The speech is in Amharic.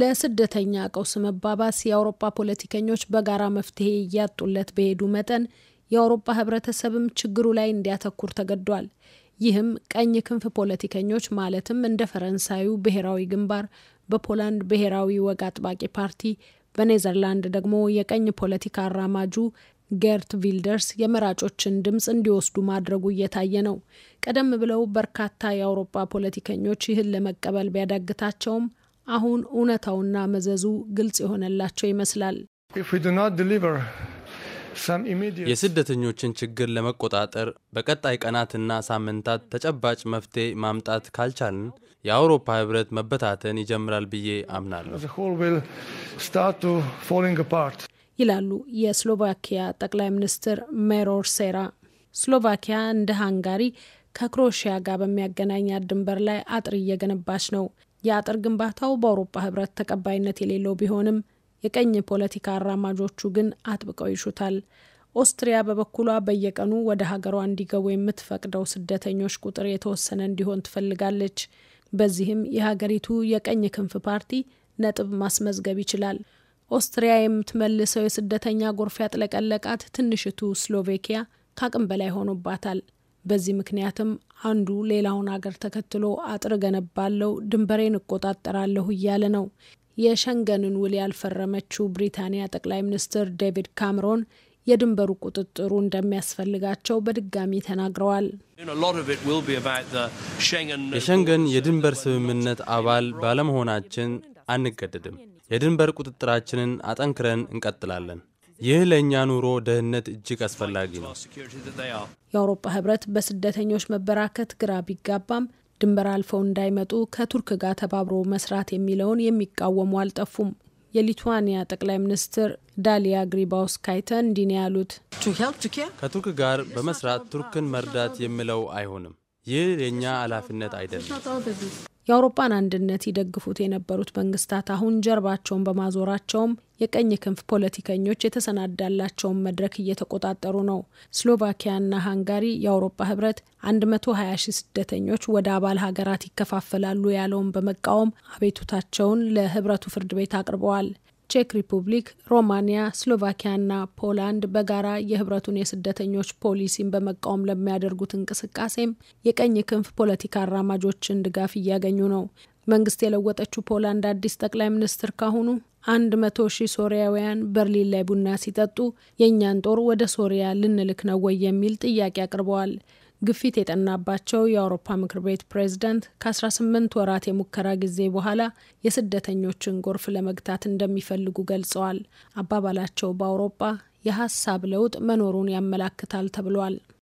ለስደተኛ ቀውስ መባባስ የአውሮፓ ፖለቲከኞች በጋራ መፍትሄ እያጡለት በሄዱ መጠን የአውሮፓ ህብረተሰብም ችግሩ ላይ እንዲያተኩር ተገዷል። ይህም ቀኝ ክንፍ ፖለቲከኞች ማለትም እንደ ፈረንሳዩ ብሔራዊ ግንባር፣ በፖላንድ ብሔራዊ ወግ አጥባቂ ፓርቲ፣ በኔዘርላንድ ደግሞ የቀኝ ፖለቲካ አራማጁ ጌርት ቪልደርስ የመራጮችን ድምፅ እንዲወስዱ ማድረጉ እየታየ ነው። ቀደም ብለው በርካታ የአውሮፓ ፖለቲከኞች ይህን ለመቀበል ቢያዳግታቸውም አሁን እውነታውና መዘዙ ግልጽ የሆነላቸው ይመስላል። የስደተኞችን ችግር ለመቆጣጠር በቀጣይ ቀናትና ሳምንታት ተጨባጭ መፍትሄ ማምጣት ካልቻልን የአውሮፓ ህብረት መበታተን ይጀምራል ብዬ አምናለሁ ይላሉ የስሎቫኪያ ጠቅላይ ሚኒስትር ሜሮር ሴራ። ስሎቫኪያ እንደ ሃንጋሪ ከክሮኤሽያ ጋር በሚያገናኛት ድንበር ላይ አጥር እየገነባች ነው። የአጥር ግንባታው በአውሮፓ ህብረት ተቀባይነት የሌለው ቢሆንም የቀኝ ፖለቲካ አራማጆቹ ግን አጥብቀው ይሹታል። ኦስትሪያ በበኩሏ በየቀኑ ወደ ሀገሯ እንዲገቡ የምትፈቅደው ስደተኞች ቁጥር የተወሰነ እንዲሆን ትፈልጋለች። በዚህም የሀገሪቱ የቀኝ ክንፍ ፓርቲ ነጥብ ማስመዝገብ ይችላል። ኦስትሪያ የምትመልሰው የስደተኛ ጎርፍ ያጥለቀለቃት ትንሽቱ ስሎቬኪያ ከአቅም በላይ ሆኖባታል። በዚህ ምክንያትም አንዱ ሌላውን አገር ተከትሎ አጥር ገነባለው፣ ድንበሬን እቆጣጠራለሁ እያለ ነው። የሸንገንን ውል ያልፈረመችው ብሪታንያ ጠቅላይ ሚኒስትር ዴቪድ ካምሮን የድንበሩ ቁጥጥሩ እንደሚያስፈልጋቸው በድጋሚ ተናግረዋል። የሸንገን የድንበር ስምምነት አባል ባለመሆናችን አንገደድም። የድንበር ቁጥጥራችንን አጠንክረን እንቀጥላለን። ይህ ለእኛ ኑሮ ደህንነት እጅግ አስፈላጊ ነው። የአውሮፓ ህብረት በስደተኞች መበራከት ግራ ቢጋባም ድንበር አልፈው እንዳይመጡ ከቱርክ ጋር ተባብሮ መስራት የሚለውን የሚቃወሙ አልጠፉም። የሊቱዋኒያ ጠቅላይ ሚኒስትር ዳሊያ ግሪባውስካይተ እንዲህ ነው ያሉት። ከቱርክ ጋር በመስራት ቱርክን መርዳት የሚለው አይሆንም። ይህ የእኛ ኃላፊነት አይደለም። የአውሮፓን አንድነት ይደግፉት የነበሩት መንግስታት አሁን ጀርባቸውን በማዞራቸውም የቀኝ ክንፍ ፖለቲከኞች የተሰናዳላቸውን መድረክ እየተቆጣጠሩ ነው። ስሎቫኪያና ሃንጋሪ የአውሮፓ ህብረት 120 ሺህ ስደተኞች ወደ አባል ሀገራት ይከፋፈላሉ ያለውን በመቃወም አቤቱታቸውን ለህብረቱ ፍርድ ቤት አቅርበዋል። ቼክ ሪፑብሊክ፣ ሮማኒያ፣ ስሎቫኪያና ፖላንድ በጋራ የህብረቱን የስደተኞች ፖሊሲን በመቃወም ለሚያደርጉት እንቅስቃሴም የቀኝ ክንፍ ፖለቲካ አራማጆችን ድጋፍ እያገኙ ነው። መንግስት የለወጠችው ፖላንድ አዲስ ጠቅላይ ሚኒስትር ካሁኑ አንድ መቶ ሺህ ሶሪያውያን በርሊን ላይ ቡና ሲጠጡ የእኛን ጦር ወደ ሶሪያ ልንልክ ነው ወይ የሚል ጥያቄ አቅርበዋል። ግፊት የጠናባቸው የአውሮፓ ምክር ቤት ፕሬዝዳንት ከ18 ወራት የሙከራ ጊዜ በኋላ የስደተኞችን ጎርፍ ለመግታት እንደሚፈልጉ ገልጸዋል። አባባላቸው በአውሮፓ የሀሳብ ለውጥ መኖሩን ያመላክታል ተብሏል።